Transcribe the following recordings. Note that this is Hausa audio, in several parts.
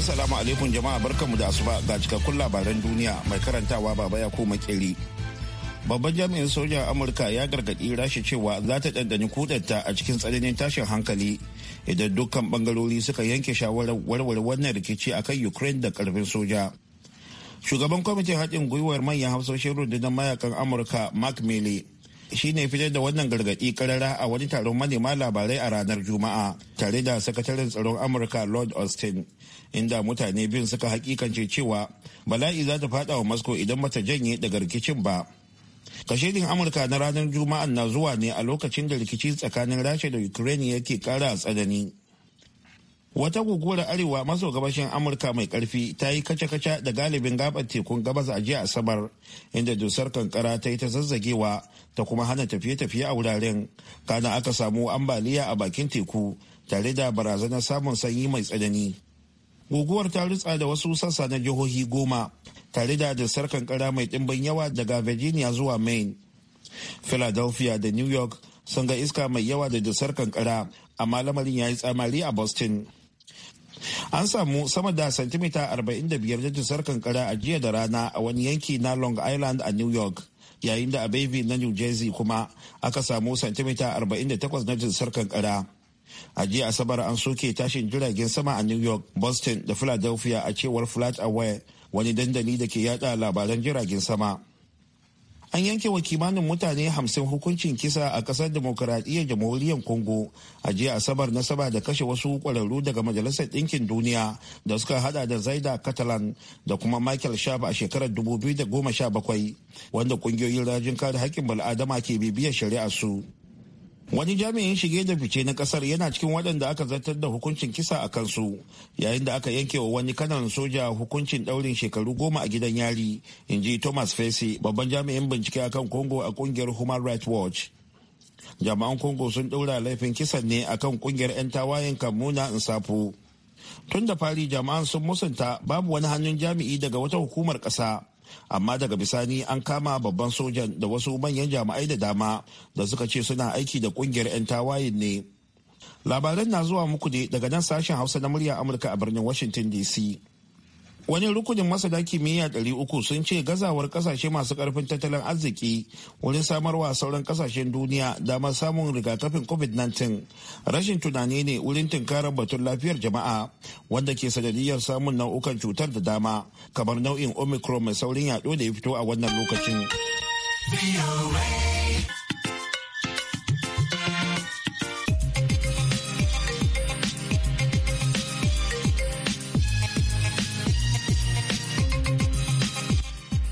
Assalamu alaikum jama'a barkanmu da asuba ga cikakkun labaran duniya mai karantawa baba ya koma makeri Babban jami'in sojan Amurka ya gargaɗi rashi cewa za ta ɗanɗani kudarta a cikin tsananin tashin hankali idan dukkan bangarori suka yanke shawarar warware wannan rikici akan Ukraine da karfin soja. Shugaban kwamitin haɗin gwiwar manyan hafsoshin rundunar mayakan Amurka Mark Milley shi ne fitar da wannan gargaɗi karara a wani taron manema labarai a ranar Juma'a tare da sakataren tsaron Amurka Lord Austin. inda mutane bin suka hakikance cewa bala'i za ta fada wa moscow idan mata janye daga rikicin ba kashedin amurka na ranar juma'an na zuwa ne a lokacin da rikici tsakanin rasha da ukraine yake kara tsanani wata guguwar arewa maso gabashin amurka mai karfi ta yi kace-kace da galibin gabar tekun gabas a jiya asabar inda dusar kankara ta yi ta zazzagewa ta kuma hana tafiye-tafiye a wuraren kana aka samu ambaliya a bakin teku tare da barazanar samun sanyi mai tsanani guguwar ta ritsa da wasu sassa na jihohi goma tare da dasar kara mai ɗimbin yawa daga virginia zuwa maine philadelphia da new york sun ga iska mai yawa da sarkan kara amma lamarin ya yi tsamari a boston an samu sama da santimita 45 da dasar kankara a jiya da rana a wani yanki na long island a new york yayin da a na new jersey kuma aka samu santimita 48 na dasar kankara a jiya asabar an soke tashin jiragen sama a new york boston da philadelphia a cewar flat aware wani dandali da ke yada labaran jiragen sama an yanke wa kimanin mutane hamsin hukuncin kisa a kasar demokuraɗiyyar jamhuriyar congo a jiya asabar nasaba da kashe wasu kwararru daga majalisar ɗinkin duniya da suka hada da zaida catalan da kuma michael sharp a shekarar 2017 wanda ƙungiyoyin rajin kare haƙƙin bal'adama ke bibiyar shari'ar su wani jami'in shige da fice na kasar yana cikin waɗanda aka zartar da hukuncin kisa a kansu yayin da aka yanke wa wani kanan soja hukuncin ɗaurin shekaru goma a gidan yari in ji thomas fesi babban jami'in bincike akan congo a kungiyar human rights watch jami'an congo sun ɗaura laifin kisan ne akan kungiyar 'yan tawayen kamuna safu tun da fari jami'an sun musanta babu wani hannun jami'i daga wata hukumar ƙasa amma daga bisani an kama babban sojan da wasu manyan jami'ai da dama da suka ce suna aiki da kungiyar 'yan tawayen ne labaran na zuwa muku ne daga nan sashen hausa na murya amurka a birnin washington dc wani rukunin masana kimiyya uku sun ce gazawar kasashe masu karfin tattalin arziki wurin samarwa sauran kasashen duniya damar samun rigakafin covid-19 rashin tunani ne wurin tunkarar batun lafiyar jama'a wanda ke sanadiyar samun nau'ukan cutar da dama kamar nau'in omicron mai saurin yaɗo da ya fito a wannan lokacin.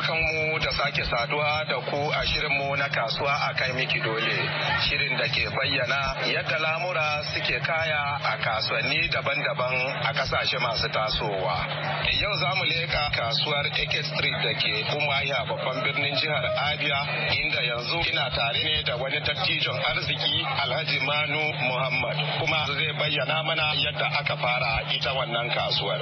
barkanku da sake saduwa da ku a shirinmu na kasuwa a kai miki dole shirin da ke bayyana yadda lamura suke kaya a kasuwanni daban-daban a kasashe masu tasowa yau za mu leka kasuwar eke street da ke ya babban birnin jihar abia inda yanzu ina tare ne da wani dattijon arziki alhaji manu muhammad kuma zai bayyana mana yadda aka fara ita wannan kasuwar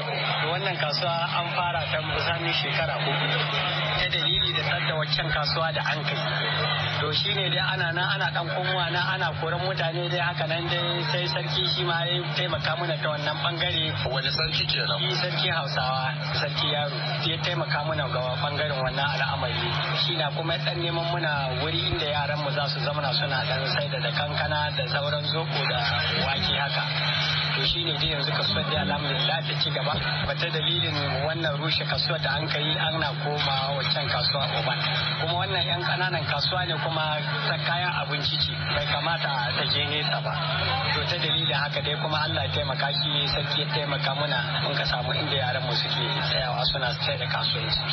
wannan kasuwa an fara ta kusan shekara ta dalili da sadda waccan kasuwa da an kai to shi ne dai ana nan ana dan kunwa na ana koran mutane dai haka nan dai sai sarki shi ma ya taimaka mana ta wannan bangare wani sarki kenan shi sarki hausawa sarki yaro ya taimaka mana ga bangaren wannan al'amari shi na kuma ya dan neman muna wuri inda yaran mu za su zamana suna dan sai da kankana da sauran zoko da wake haka to shi ne dai yanzu kasuwar da alhamdulillah ta ci gaba ta dalilin wannan rushe kasuwar da an kai ana komawa waccan kasuwa oban kuma wannan yan kananan kasuwa ne kuma ta kayan abinci ce bai kamata ta je nesa ba to ta dalilin haka dai kuma allah ya taimaka shi sarki ya taimaka muna mun ka samu inda yaran mu suke tsayawa suna tsaye da kasuwanci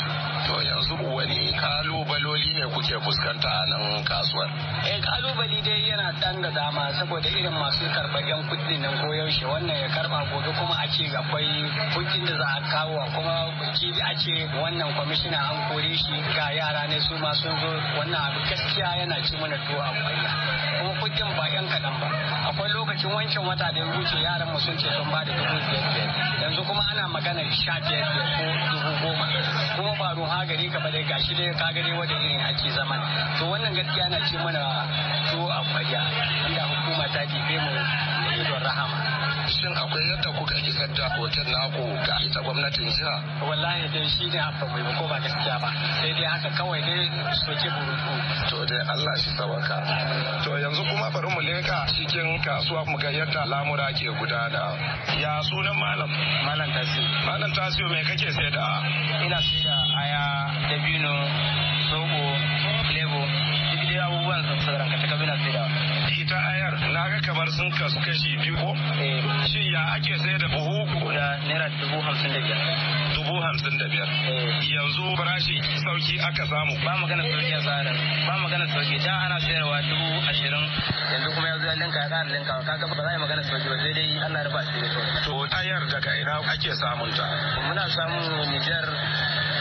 to yanzu wani kalubaloli ne kuke fuskanta a nan kasuwar eh kalubali dai yana dan da dama saboda irin masu karɓar yan kudin nan ko yaushe wannan ya karɓa gobe kuma a ce akwai kudin da za a kawo kuma jibi a ce wannan kwamishina an kore shi ga yara ne su ma sun zo wannan abu gaskiya gaskiya yana ci mana tuwo a kwaya kuma kujin ba yan kaɗan ba akwai lokacin wancan wata da ya wuce yaran mu sun ce sun ba da dubu biyar biyar yanzu kuma ana magana sha biyar biyar ko dubu goma kuma ba ruha gari ka dai gashi dai ka gari wajen irin ake zaman to wannan gaskiya yana ci mana tuwo a kwaya inda hukuma ta dibe mu da idon rahama sun akwai yadda kuka isar da na naku ga ita gwamnatin jiha wallahi dai shi ne haka bai ko ba gaskiya ba sai dai haka kawai dai soke burutu to dai Allah shi sabaka to yanzu kuma bari mu leka cikin kasuwa mu ga yadda lamura ke gudana ya sunan malam malam tasi. malam tasi me kake sai da ina sai da aya dabino sogo lebo duk dai abubuwan sun saranka ta kabina sai da ita ayar na ga kamar sun kasu kashi biyu ko eh. shi ya ake sayar da buhu guda naira dubu hamsin da biyar dubu hamsin da biyar eh. yanzu farashi sauki aka samu ba magana sauki a tsara ba magana sauki da ana sayarwa dubu ashirin yanzu kuma yanzu ya linka ya ƙara linka ga ba za a yi magana sauki ba sai dai ana rufa shi shi to ayar daga ina ake samun ta muna samun Nijar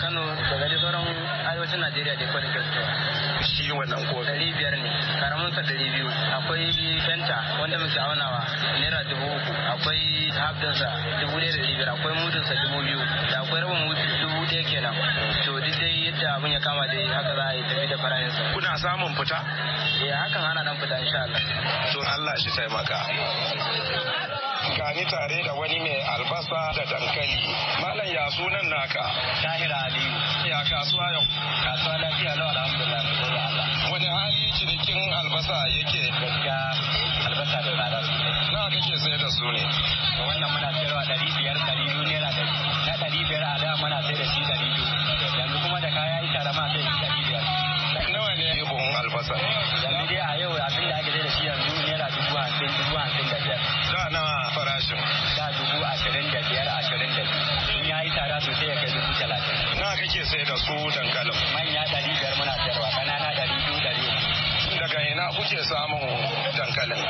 Kano daga sauran arewacin Najeriya da kwadin gaskiya biyu wannan ko dari biyar ne karamin sa dari biyu akwai fenta wanda muke aunawa naira dubu uku akwai habdinsa dubu ɗaya da dari biyar akwai mutunsa dubu biyu da akwai rabin mutu dubu ɗaya kenan to duk dai yadda abin ya kama dai haka za a yi tafi da sa kuna samun fita? eh hakan ana dan fita insha Allah. to Allah shi taimaka. amfani tare da wani mai albasa da dankali. Malam ya sunan naka? Tahir Ali. Ya kasuwa yau? Kasuwa lafiya lau alhamdulillah. Wani hali cinikin albasa yake? Gaskiya albasa da tsada Na Nawa kake sai da su ne? Wannan muna sayarwa ɗari biyar ɗari biyu naira ɗari. Na ɗari biyar a da muna sai da shi ɗari biyu. Yanzu kuma da kaya ita da ma sai da su dankalin. Manya ɗari biyar muna sayarwa, ƙanana ɗari biyu ɗari uku. Daga ina kuke samun dankalin?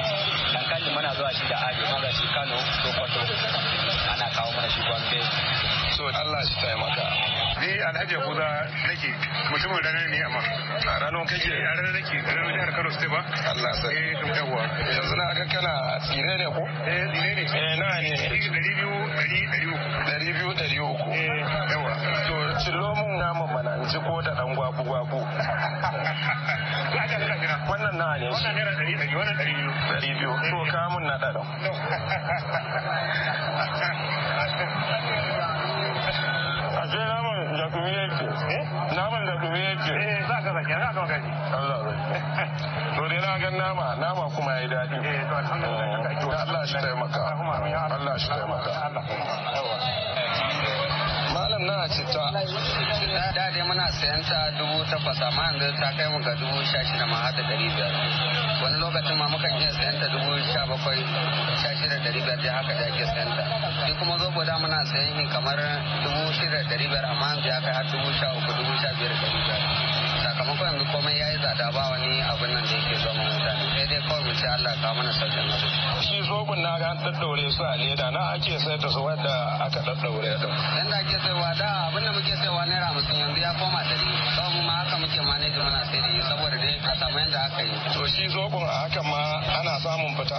Dankalin muna zuwa shi da Ajo, muna shi Kano, Sokoto, ana kawo mana shi Gombe. So Allah shi taimaka. ni alhaji abuza nake mutumin ranar ne amma a ranar kake eh, a ranar nake ranar jihar kano state ba allah sa eh to yawa yanzu na ga kana tsire ne ko eh tsire ne eh na ne dari biyu dari dari uku dari biyu dari uku eh yawa to cillo mun mana ko da dan gwabu gwabu wannan na ne wannan naira dari dari wannan dari biyu dari biyu to kamun na Allah kenan aka maka ji Allah to dai na ga nama nama kuma yayi dadi eh to alhamdulillah to Allah shi taimaka Allah shi taimaka malam na cita. da dai muna sayan ta dubu takwas amma yanzu ta kai mu ga dubu sha shida ma har da ɗari biyar wani lokacin ma muka iya sayan ta dubu sha bakwai sha shida ɗari biyar dai haka da ake sayan ta shi kuma zo guda muna sayan kamar dubu shida ɗari biyar amma yanzu ya kai har dubu sha uku dubu sha biyar ɗari biyar kuma yanzu komai ya yi tsada ba wani abin nan da yake zama mutane sai dai kawai mu Allah ka mana sarkin nasu. shi zogun na ga daddaure su a leda na ake sai da su wadda aka daddaure su. yanda ake sai da abin da muke wa naira hamsin yanzu ya koma ɗari. Sau ma muke manajin muna sai da yi saboda dai a samu yadda aka yi. To shi zobo a haka ma ana samun fita?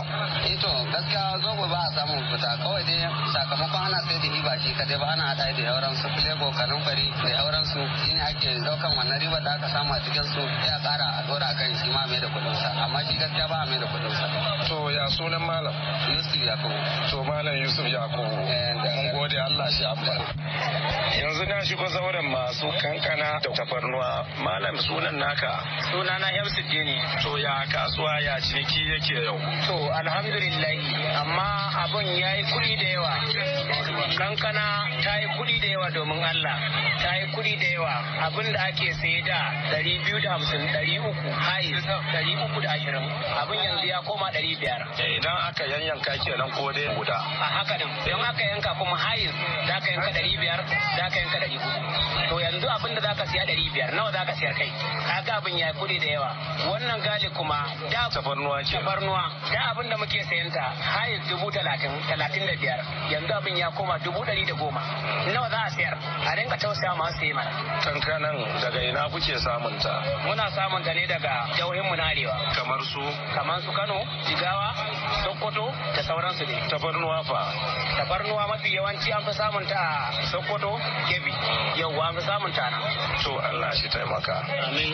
Eh to gaskiya zobo ba a samun fita kawai dai sakamakon ana sai da riba shi kadai ba ana haɗa da yauran su filego kanin fari da yauran su shine ake daukan wannan riba da aka samu a cikin su sai a ƙara a dora kan shi ma mai da kuɗin sa amma shi gaskiya ba a mai da kuɗin sa. To ya sunan malam? Yusuf Yakubu. To malam Yusuf Yakubu. Eh, Mun gode Allah shi amfani. Yanzu na shigo zauren masu kankana da tafarnuwa malam malam sunan naka sunana MC ne to ya kasuwa ya ciniki yake yau to alhamdulillah amma abun yayi kudi da yawa kankana ta yi kudi da yawa domin Allah ta yi kudi da yawa abin da ake saye da 250 uku hai 320 abin yanzu ya koma 500 eh, idan aka yanyanka kenan ko dai guda a haka din dan aka yanka kuma hayin za ka yanka 500 za ka yanka 400 to yanzu abin da za ka siya 500 nawa za ka siya kai kaga abin ya kudi da yawa wannan gali kuma da tafarnuwa ce tafarnuwa da abin da muke sayan ta hayi dubu talatin talatin da biyar yanzu abin ya koma dubu dari da goma nawa za a sayar a rinka tausaya masu yi mana kankanan daga ina kuke samun ta muna samun ta ne daga jauhin mu na arewa kamar su kamar su kano jigawa sokoto da sauransu ne tafarnuwa fa tafarnuwa mafi yawanci an fi samun ta a sokoto kebbi yau an fi samun ta nan to allah shi taimaka amin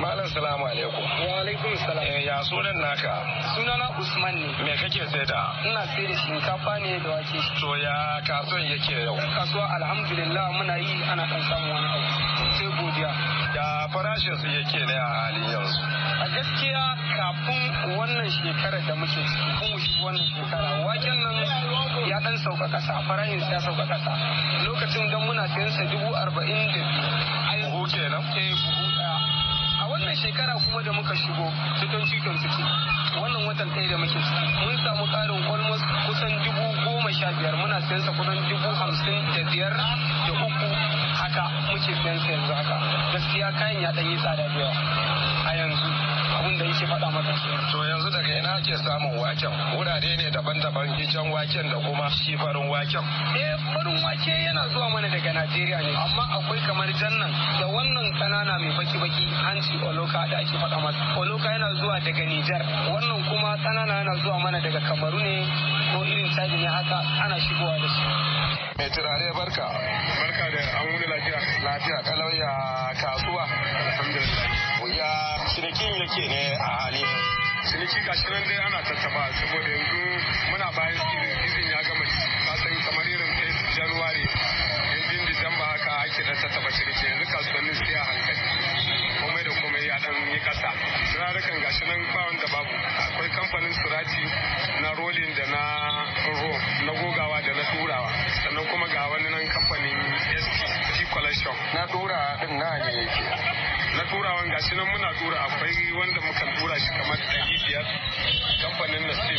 malam salamu alaikum wa alaikum salam eh, ya sunan naka sunana usman ne me kake sai da ina sai da shinkafa ne da wake to ya kasuwan yake yau kasuwa alhamdulillah muna yi ana kan samun wani abu sai godiya ya farashin su yake ne a halin yanzu a gaskiya kafin wannan shekarar da muke ciki kun wannan shekara waken nan ya dan sauka kasa farashin ya sauka kasa lokacin don muna sayan sa dubu arba'in da biyu buhu kenan eh buhu daya a wannan shekara kuma da muka shigo cikin cikin ciki wannan watan ɗaya da muke ciki mun samu ƙarin almost kusan dubu goma sha biyar muna sayan sa kusan dubu hamsin da biyar da uku haka muke sayan sa yanzu haka gaskiya kayan ya ɗan yi tsada da yawa a yanzu abin da yake faɗa maka to yanzu daga ina ake samun waken wurare ne daban-daban kicin waken da kuma shi farin waken eh farin wake yana zuwa mana daga Najeriya ne amma akwai kamar jannan da wannan kanana mai baki-baki hanci oloka da ake faɗa masa oloka yana zuwa daga Nijar wannan kuma kanana yana zuwa mana daga Kamaru ne ko irin caji ne haka ana shigowa da shi mai turare barka barka da an wuni lafiya talauya kasuwa ya cinikin yake ne a hali ciniki gashi nan dai ana tattaba saboda yanzu muna bayan tura akwai wanda muka tura shi kamar ɗari biyar kamfanin nasu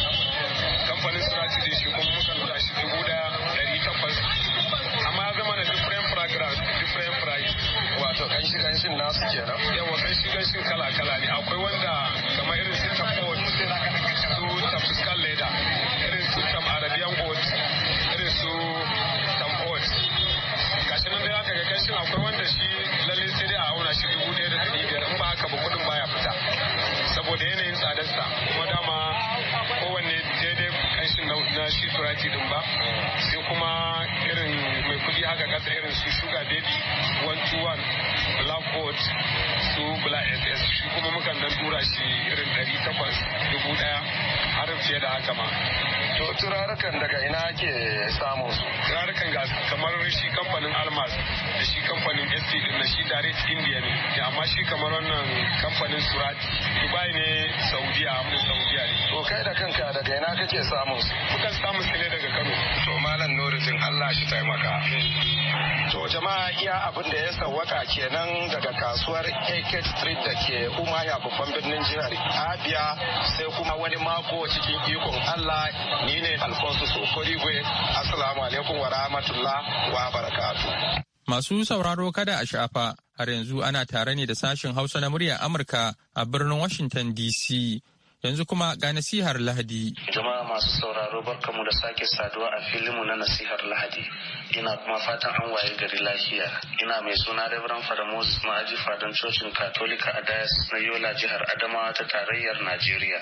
taxi din ba sai kuma irin mai kudi haka kasa irin su sugar daddy one to one black gold su black ss shi kuma mukan dan tura shi irin dari takwas dubu daya har fiye da haka ma to turarukan daga ina ke samun su turarukan ga kamar shi kamfanin almas kamfanin st din na shi direct india ne amma shi kamar wannan kamfanin surati dubai ne saudiya amma Saudi ne to kai da kanka daga ina kake samun su kuka samu su ne daga kano to malam nuruddin allah shi taimaka to jama'a iya abin da ya sawwaka kenan daga kasuwar ak street da ke umaya babban birnin jihar abia sai kuma wani mako cikin ikon allah ni ne alfonso sokorigwe assalamu alaikum wa rahmatullah wa barakatuh Masu sauraro kada a shafa har yanzu ana tare ne da sashen Hausa na muryar Amurka a birnin Washington DC. Yanzu kuma ga nasihar Lahadi. Jama'a masu sauraro barkamu da sake saduwa a filinmu na nasihar Lahadi. Ina kuma fatan an waye gari lafiya. Ina mai suna Reverend Father Moses Ma'aji Fadan Cocin Katolika a Dayas na Yola jihar Adamawa ta tarayyar Najeriya.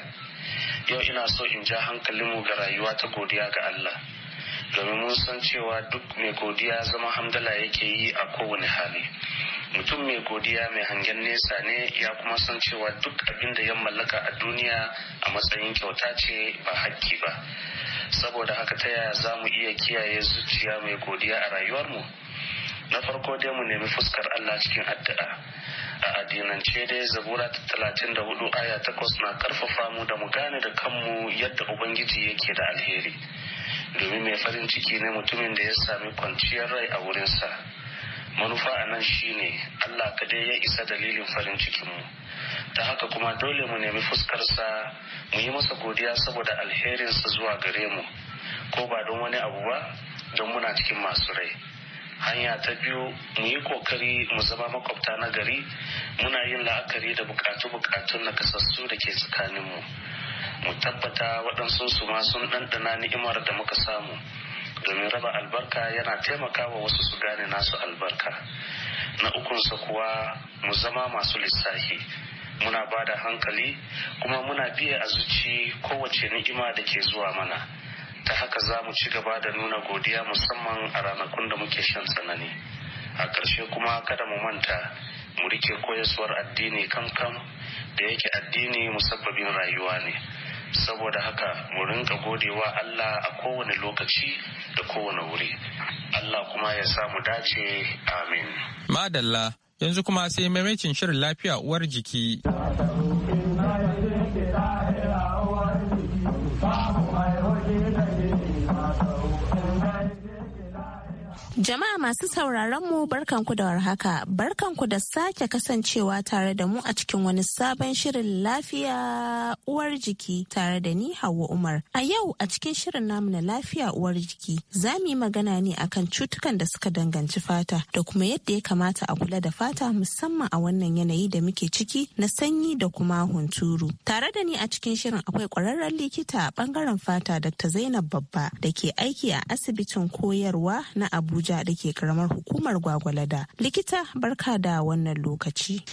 Yau ina so in ja hankalinmu ga rayuwa ta godiya ga Allah. domin mun san cewa duk mai godiya zama hamdala yake yi a kowane hali mutum mai godiya mai hangen nesa ne ya kuma san cewa duk abin da ya mallaka a duniya a matsayin kyauta ce ba hakki ba saboda haka ta yaya za mu iya kiyaye zuciya mai godiya a rayuwar mu. na farko dai mu nemi fuskar Allah cikin addu'a a addinance dai zabura ta talatin da hudu aya takwas na karfafa mu da mu gane da kanmu yadda ubangiji yake da alheri domin mai farin ciki ne mutumin da ya sami kwanciyar rai a wurinsa manufa a nan shine allah kadai ya isa dalilin farin cikinmu ta haka kuma dole mu nemi fuskarsa mu yi masa godiya saboda alherinsa zuwa gare mu ko ba don wani abu ba don muna cikin masu rai hanya ta biyu mu yi kokari mu zama makwabta na gari muna yin la'akari da bukatu bukatun nakasassu da ke tsakaninmu mu tabbata waɗansu su ma sun ɗanɗana ni'imar da muka samu domin raba albarka yana taimakawa wasu su gane nasu albarka na ukunsa kuwa mu zama masu lissafi muna ba da hankali kuma muna biya a zuci kowace ni'ima da ke zuwa mana ta haka za mu ci gaba da nuna godiya musamman a ranakun da muke shan tsanani a ƙarshe kuma kada mu manta mu rike koyaswar addini kam kam da yake addini musabbabin rayuwa ne saboda haka mu rinka godewa Allah a kowane lokaci da kowane wuri Allah kuma ya sa mu dace amin madalla yanzu kuma sai maimacin shirin lafiya uwar jiki Jama'a masu sauraron mu barkanku da warhaka, barkanku da sake kasancewa tare da mu a cikin wani sabon shirin lafiya uwar jiki tare da ni Hauwa Umar. A yau a cikin shirin namu na lafiya uwar jiki za mu yi magana ne akan cutukan da suka danganci fata da kuma yadda ya kamata a kula da fata musamman a wannan yanayi da muke ciki na sanyi da kuma hunturu. Tare da ni a cikin shirin akwai kwararren likita a bangaren fata Dr. Zainab Babba da ke aiki a asibitin koyarwa na Abuja. Abuja da ke karamar hukumar Gwagwalada. Likita barka da wannan lokaci.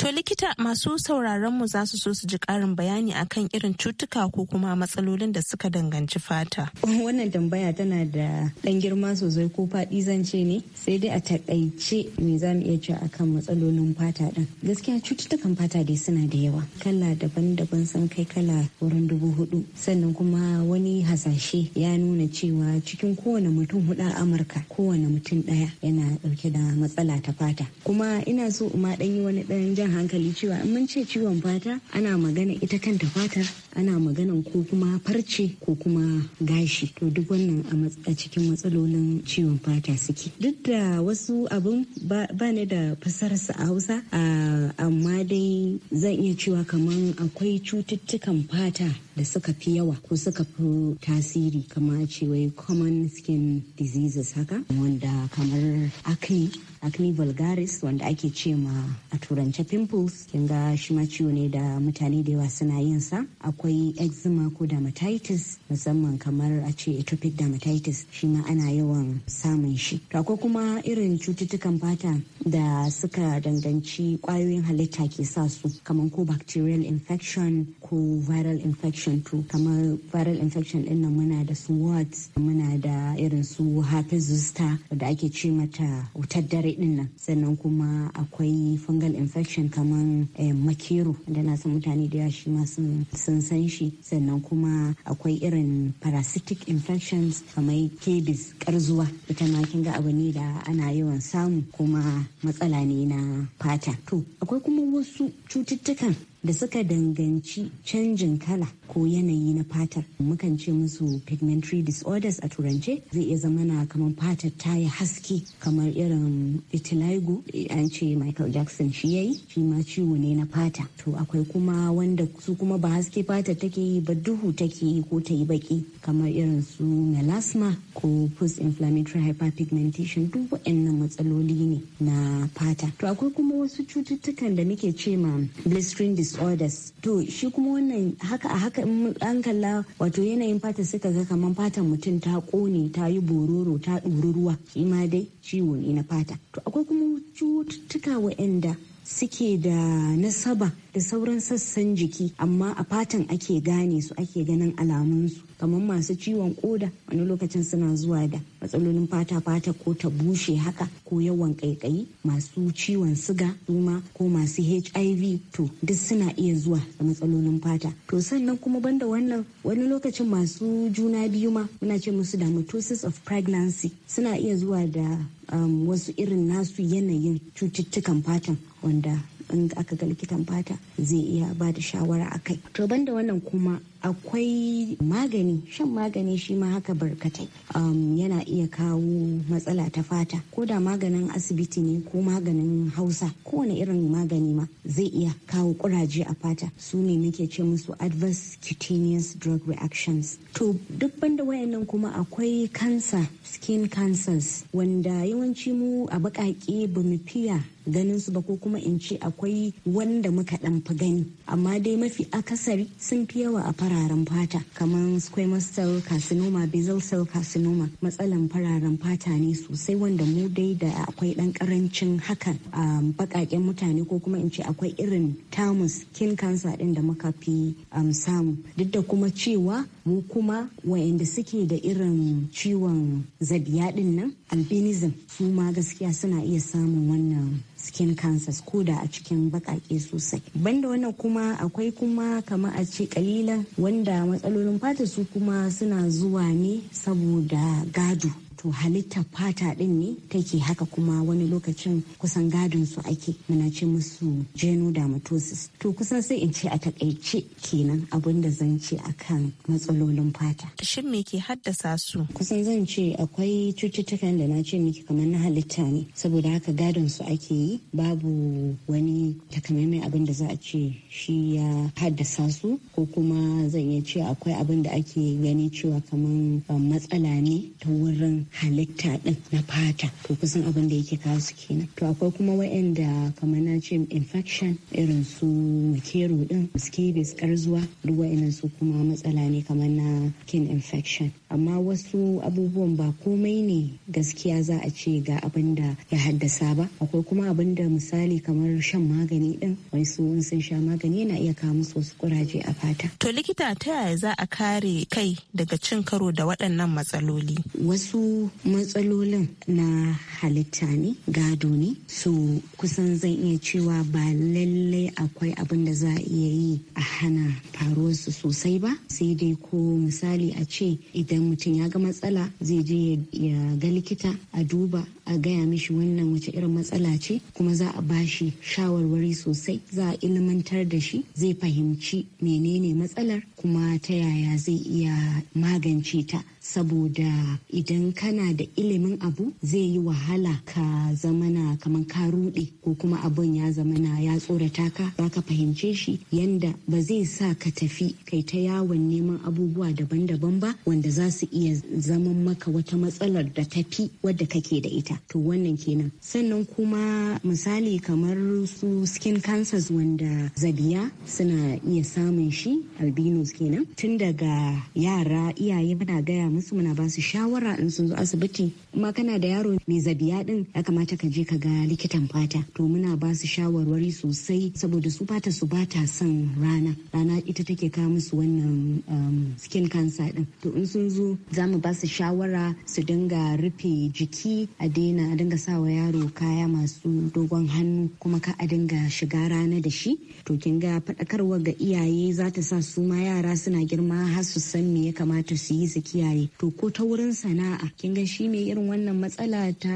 To likita masu sauraron mu za su so su ji ƙarin bayani akan irin cutuka ko kuma matsalolin da suka danganci fata. Wannan tambaya tana da ɗan girma sosai ko faɗi zance ne sai dai a taƙaice me za mu iya cewa akan matsalolin fata ɗin. Gaskiya cututtukan fata dai suna da yawa kala daban-daban sun kai kala wurin dubu hudu sannan kuma wani hasashe ya nuna cewa cikin kowane mutum hudu a Amurka haka kowane mutum ɗaya yana ɗauke da matsala ta fata kuma ina so ma ɗan wani ɗan jan hankali cewa in mun ce ciwon fata ana magana ita kanta fatar ana maganan ko kuma farce ko kuma gashi to duk wannan a cikin matsalolin ciwon fata suke duk da wasu abun ba ne da fasararsa a hausa amma dai zan iya cewa kamar akwai cututtukan fata da suka fi yawa ko suka fi tasiri kamar cewa common skin diseases haka wanda kamar acne acne vulgaris wanda ake ce ma a turance pimples kin ga shi ma ciwo ne da mutane da yawa suna yin sa akwai eczema ko dermatitis musamman kamar a ce atopic dermatitis shi ma ana yawan samun shi to akwai kuma irin cututtukan fata da suka danganci kwayoyin halitta ke sa su kamar ko bacterial infection ko viral infection to kamar viral infection din nan muna da su wards muna da irin su herpes zoster da ake ce mata wutar dare din nan sannan kuma akwai fungal infection kamar eh, makero da na san mutane da yawa shi ma sun san shi sannan kuma akwai irin parasitic infections kamar kebis karzuwa ita ma kin ga abu ne da ana yawan samu kuma matsala ne na fata to akwai kuma wasu cututtukan da suka danganci canjin kala ko yanayi na fatar mukan ce musu pigmentary disorders a turance zai iya zama na kamar fatar ta yi haske kamar irin vitiligo an ce michael jackson shi ya yi shi ma ciwo ne na fata to akwai kuma wanda su kuma ba haske fatar take yi ba duhu take yi ko ta yi baki kamar irin su melasma ko post inflammatory hyperpigmentation duk waɗannan matsaloli ne na fata to akwai kuma wasu cututtukan da muke ce ma blistering disorders to shi kuma wannan haka a haka an kalla wato yanayin fata suka ga kamar fatan mutum ta kone ta yi bororo ta ɗori ruwa shi ma dai ciwo ne na fata to akwai kuma cututtuka waɗanda suke da nasaba da sauran sassan jiki amma a fatan ake gane su ake ganin alamunsu kamar masu ciwon koda wani lokacin suna zuwa da matsalolin fata-fata ko ta bushe haka ko yawan kaikayi masu ciwon siga kuma ko masu hiv to duk suna iya zuwa da matsalolin fata to sannan kuma banda wannan wani lokacin masu juna biyu ma muna ce musu da mitosis of pregnancy suna iya zuwa da um, wasu irin nasu yanayin cututtukan fatan wanda in aka ga likitan fata zai iya ba da shawara a kai to banda wannan kuma akwai magani shan magani shi ma haka barkatai um, yana iya kawo matsala ta fata ko da maganin asibiti ne ko maganin hausa kowane irin magani ma zai iya kawo kuraje a fata su ne muke ce musu adverse cutaneous drug reactions to duk banda wayannan kuma akwai cancer skin cancers wanda yawanci mu a baƙaƙe bamu fiya ganin su ba ko kuma in ce akwai wanda muka dan fi gani amma dai mafi akasari sun fi yawa a fararen fata kamar squamous cell carcinoma basal cell carcinoma matsalan fararen fata ne sosai wanda mu dai da akwai dan karancin hakan a bakaken mutane ko kuma in ce akwai irin tamus skin cancer din da muka fi um, samu duk da kuma cewa mu kuma wayanda suke da irin ciwon zabiya din nan albinism su ma gaskiya suna iya samun wannan skin cancers ko da a cikin baƙaƙe sosai banda wannan kuma akwai kuma kama a ce kalilan wanda matsalolin fata su kuma suna zuwa ne saboda gado to halitta fata din ne take haka kuma wani lokacin kusan gadon su ake muna ce musu genodermatosis to kusan sai in ce a takaice kenan abin da zan ce akan matsalolin fata shin me ke haddasa su kusan zan ce akwai cututtukan da na ce miki kamar na halitta ne saboda haka gadon su ake yi babu wani takamaiman abin da za a ce shi ya haddasa su ko kuma zan iya ce akwai abin da ake gani cewa kamar eh, matsala ne ta wurin halitta din na fata to kusan abin da yake kawo su kenan to akwai kuma waɗanda kamar na ce infection irin su makero din scabies karzuwa duk waɗannan su kuma matsala ne kamar na kin infection amma wasu abubuwan ba komai ne gaskiya za a ce ga abin da ya haddasa ba akwai kuma abin da misali kamar shan magani din wai su sun sha magani yana iya kawo musu wasu kuraje a fata to likita ta yaya za a kare kai daga cin karo da waɗannan matsaloli wasu matsalolin na halitta ne gado ne so kusan zan iya cewa ba lallai akwai abin da za a iya yi a hana faruwarsu sosai ba sai dai ko misali a ce idan mutum ya ga matsala zai je ya ga likita a duba a gaya mishi wannan wace irin matsala ce kuma za a bashi shawarwari sosai za a ilmantar da shi zai fahimci menene matsalar kuma ta yaya zai iya magance ta saboda idan kana da ilimin abu zai yi wahala ka zamana kamar ka ruɗe ko kuma abun ya zamana ya tsorata ka za ka fahimce shi yanda ba zai sa ka tafi kai ta yawon neman abubuwa daban-daban ba wanda za su iya zaman maka wata matsalar da tafi wadda kake da ita to wannan kenan sannan kuma misali kamar su skin cancers wanda zabiya suna iya samun shi albinos kenan tun daga yara iyaye muna gaya musu muna ba su shawara in sun zo asibiti kuma kana da yaro mai zabiya din ya kamata ka je ka ga likitan fata to muna ba su shawarwari sosai saboda su fata su bata son rana rana ita take kawo musu wannan um, skin cancer din to in sun zo za mu ba su shawara su dinga rufe jiki a daina a dinga sawa yaro kaya masu dogon hannu kuma ka a dinga shiga rana da shi to kin ga faɗakarwa ga iyaye za ta sa su ma yara suna girma har su san me ya kamata su yi su kiyaye to ko ta wurin sana'a kin ga shi mai irin wannan matsala ta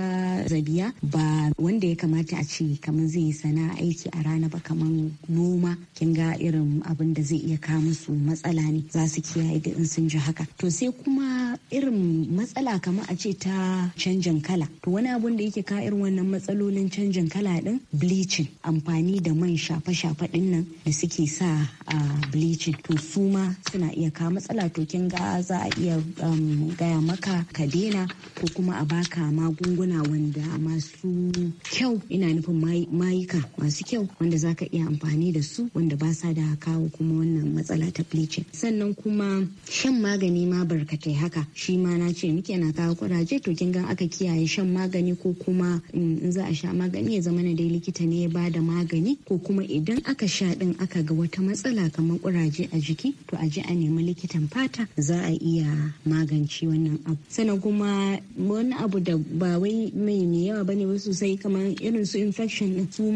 zabiya ba wanda ya kamata a ce kamar zai sana'a aiki a rana ba kamar noma kin ga irin abin da zai iya kawo musu matsala ne za su kiyaye da in sun ji haka to sai kuma irin matsala kamar a ce ta canjin kala to wani abun da yake ka irin wannan matsalolin canjin kala din bleaching amfani da man shafe-shafe din nan da suke sa a bleaching to su ma suna iya ka matsala to kin ga za a iya um, gaya maka ka daina ko kuma a baka magunguna wanda masu kyau ina nufin mayuka masu kyau wanda za ka iya amfani da su wanda ba sa da kawo kuma wannan matsala ta bleaching sannan kuma shan magani ma barkatai haka shi ma na ce muke na kawo kuraje to kin gan aka kiyaye shan magani ko kuma mm, in za a sha magani ya zama na dai likita ne ya ba da magani ko kuma idan aka sha din aka ga wata matsala kamar kuraje a jiki to a ji a nemi likitan fata za a iya magance wannan abu sannan kuma wani abu da ba wai mai yawa bane ba sosai kamar irin su infection din su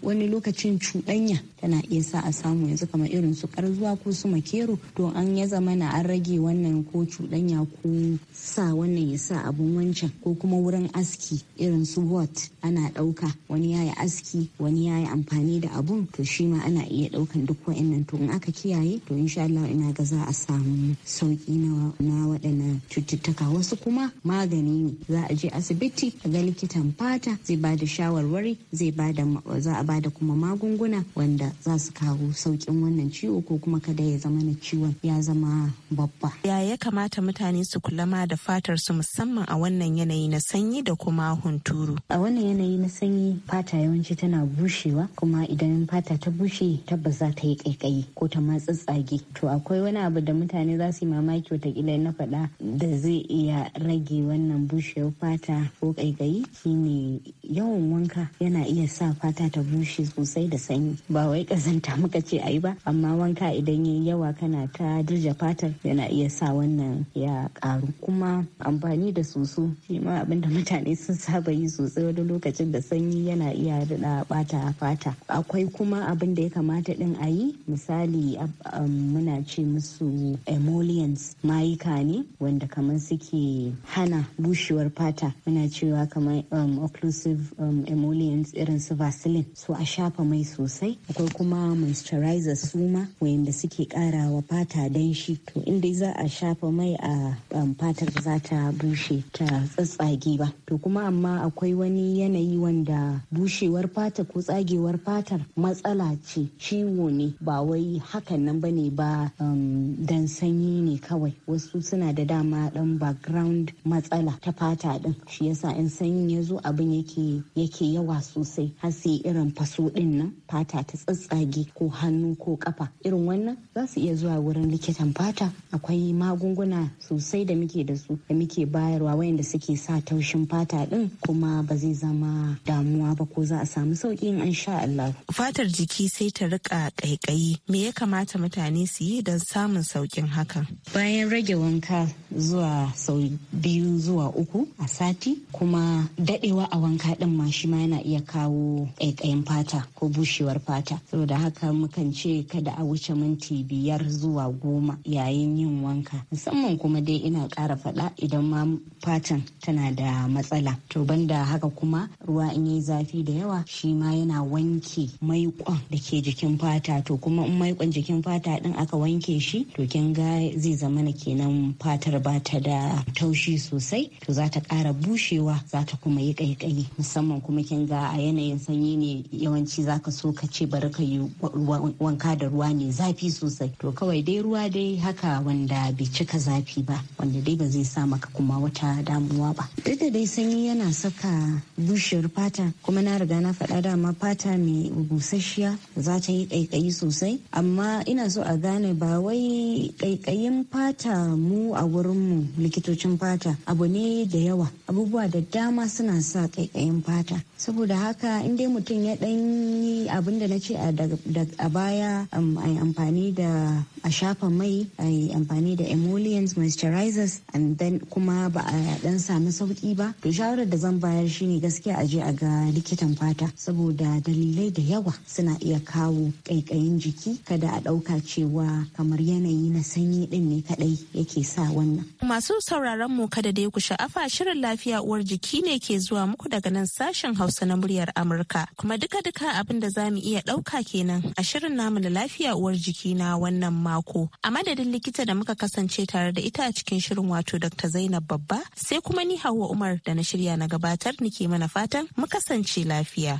wani lokacin cuɗanya tana iya sa a samu yanzu kamar irin su karzuwa ko su makero to an ya zama na an rage wannan ko cuɗanya ko sa wannan ya sa abun wancan ko kuma wurin aski irin su wat ana ɗauka wani yayi aski wani yayi amfani da abun to shi ma ana iya ɗaukan duk wa'annan to in aka kiyaye to insha Allah ina ga za a samu sauki na waɗannan cututtuka wasu kuma magani ne za a je asibiti ga likitan fata zai ba da shawarwari zai ba da za a ba da kuma magunguna wanda za su kawo sauƙin wannan ciwo ko kuma kada ya zama na ciwon ya zama babba. Ya ya kamata mutane su kula ma da fatar su musamman a wannan yanayi na sanyi da kuma hunturu. A wannan yanayi na sanyi fata yawanci tana bushewa kuma idan fata ta bushe tabbas za ta yi kaikayi ko ta matsatsage. To akwai wani abu da mutane za su yi mamaki watakila na faɗa da zai iya rage wannan bushewar fata ko kaikayi shine yawan wanka yana iya sa fata ta bushe sosai da sanyi ba wai kazanta muka ce ayi ba amma wanka idan yayi yawa kana ta dirja fatar yana iya sa wannan ya karu kuma amfani da soso shi ma abinda mutane sun saba yi sosai wani lokacin da sanyi yana iya rida bata fata akwai kuma abin da ya kamata din a yi misali muna ce musu emollients mayika ne wanda kamar suke hana bushewar fata muna cewa kamar occlusive emollients irin su vaseline so a shafa mai sosai akwai kuma moisturizer suma wayanda suke kara wa fata danshi to inda za a shafa mai a um, fatar za ta bushe ta tsatsage ba to kuma amma akwai wani yanayi wanda bushewar fata ko tsagewar fatar matsala ce ciwo ne ba wai hakan nan ba ne ba um, dan sanyi ne kawai wasu suna da dama dan background matsala ta fata din shi yasa in sanyi ya zo abin yake yake yawa sosai har sai irin faso din nan fata ta tsage ko hannu ko kafa irin wannan za su iya zuwa wurin likitan fata akwai magunguna sosai da muke da su da muke bayarwa wayanda suke sa taushin fata din kuma ba zai zama damuwa ba ko za a samu sauki in an sha Allah. Fatar jiki sai ta rika kaikayi me ya kamata mutane su yi don samun saukin hakan. Bayan rage wanka zuwa sau biyu zuwa uku a sati kuma dadewa a wanka din ma shi ma yana iya kawo kaikayin fata ko bushewar fata saboda haka mukan ce kada a wuce minti biyar zuwa goma yayin yin wanka musamman kuma dai ina kara faɗa idan ma fatan tana da matsala to banda haka kuma ruwa in yi zafi da yawa shi ma yana wanke maiƙon da ke jikin fata to kuma in maikon jikin fata din aka wanke shi to kin ga zai zama na kenan fatar ba ta da taushi sosai to za ta ƙara bushewa za ta kuma yi ƙaiƙayi musamman kuma kin ga a yanayin sanyi ne yawanci za ka so ka ce bari ka yi wanka da ruwa ne zafi sosai to kawai dai ruwa dai haka wanda bai cika zafi ba wanda dai ba zai sa maka kuma wata damuwa ba duk da dai sanyi yana saka bushiyar fata kuma na riga na faɗa dama fata mai busasshiya za ta yi ƙaiƙayi sosai amma ina so a gane ba wai ƙaiƙayin fata mu a wurin mu likitocin fata abu ne da yawa abubuwa da dama suna sa ƙaiƙayin fata saboda haka in dai mutum ya ɗan yi abin da na ce a baya um, a amfani da a shafa mai a yi amfani da emollients moisturizers and then kuma ba a dan sami sauki ba to shawarar da zan bayar shine gaskiya a je a ga likitan fata saboda dalilai da yawa suna iya kawo kaikayin jiki kada a ɗauka cewa kamar yanayi na sanyi din ne kadai yake sa wannan masu sauraron mu kada da ya ku sha'afa shirin lafiya uwar jiki ne ke zuwa muku daga nan sashen hausa na muryar amurka kuma duka-duka abin da za mu iya ɗauka haka kenan a shirin namu da lafiya uwar jiki na wannan mako. A madadin likita da muka kasance tare da ita a cikin shirin wato Dr. Zainab Babba sai kuma ni Hauwa Umar da na shirya na gabatar nike mana fatan mu kasance lafiya.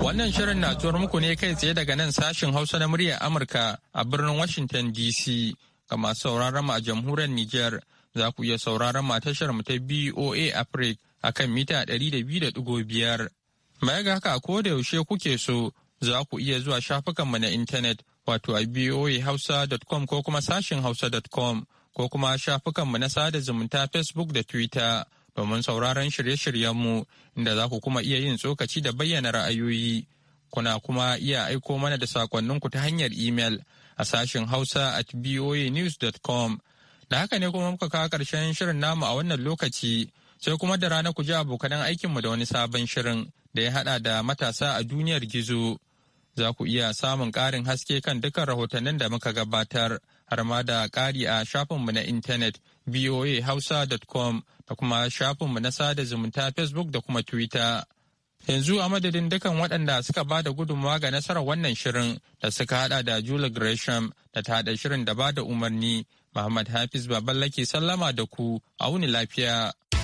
Wannan shirin na tuwar muku ne kai tsaye daga nan sashin Hausa na muryar Amurka a birnin Washington DC ga masu sauraron a jamhuriyar Nijar. za ku iya sauraron mu tashar mu ta BOA Africa a kan mita 200.5. Baya ga haka ko da yaushe kuke so za ku iya zuwa shafukanmu na intanet wato a voahausa.com ko kuma sashin hausa.com ko kuma shafukanmu na sada zumunta Facebook da Twitter domin sauraron shirye-shiryenmu inda za ku kuma iya yin tsokaci da bayyana ra'ayoyi. Kuna kuma iya aiko mana da ku ta hanyar email a sashin hausa at voanews.com. Da haka ne kuma muka kawo ƙarshen shirin namu a wannan lokaci. sai kuma da rana ku ji abokanan aikinmu da wani sabon shirin da ya hada da matasa a duniyar gizo. Za ku iya samun ƙarin haske kan dukkan rahotannin da muka gabatar har ma da ƙari a shafinmu na intanet voahausa.com da kuma shafinmu na sada zumunta Facebook da kuma Twitter. Yanzu a madadin dukan waɗanda suka ba da gudunmawa ga nasarar wannan shirin da suka haɗa da Julie Gresham da ta haɗa shirin da ba da umarni, Muhammad Hafiz Baballake sallama da ku, a wuni lafiya.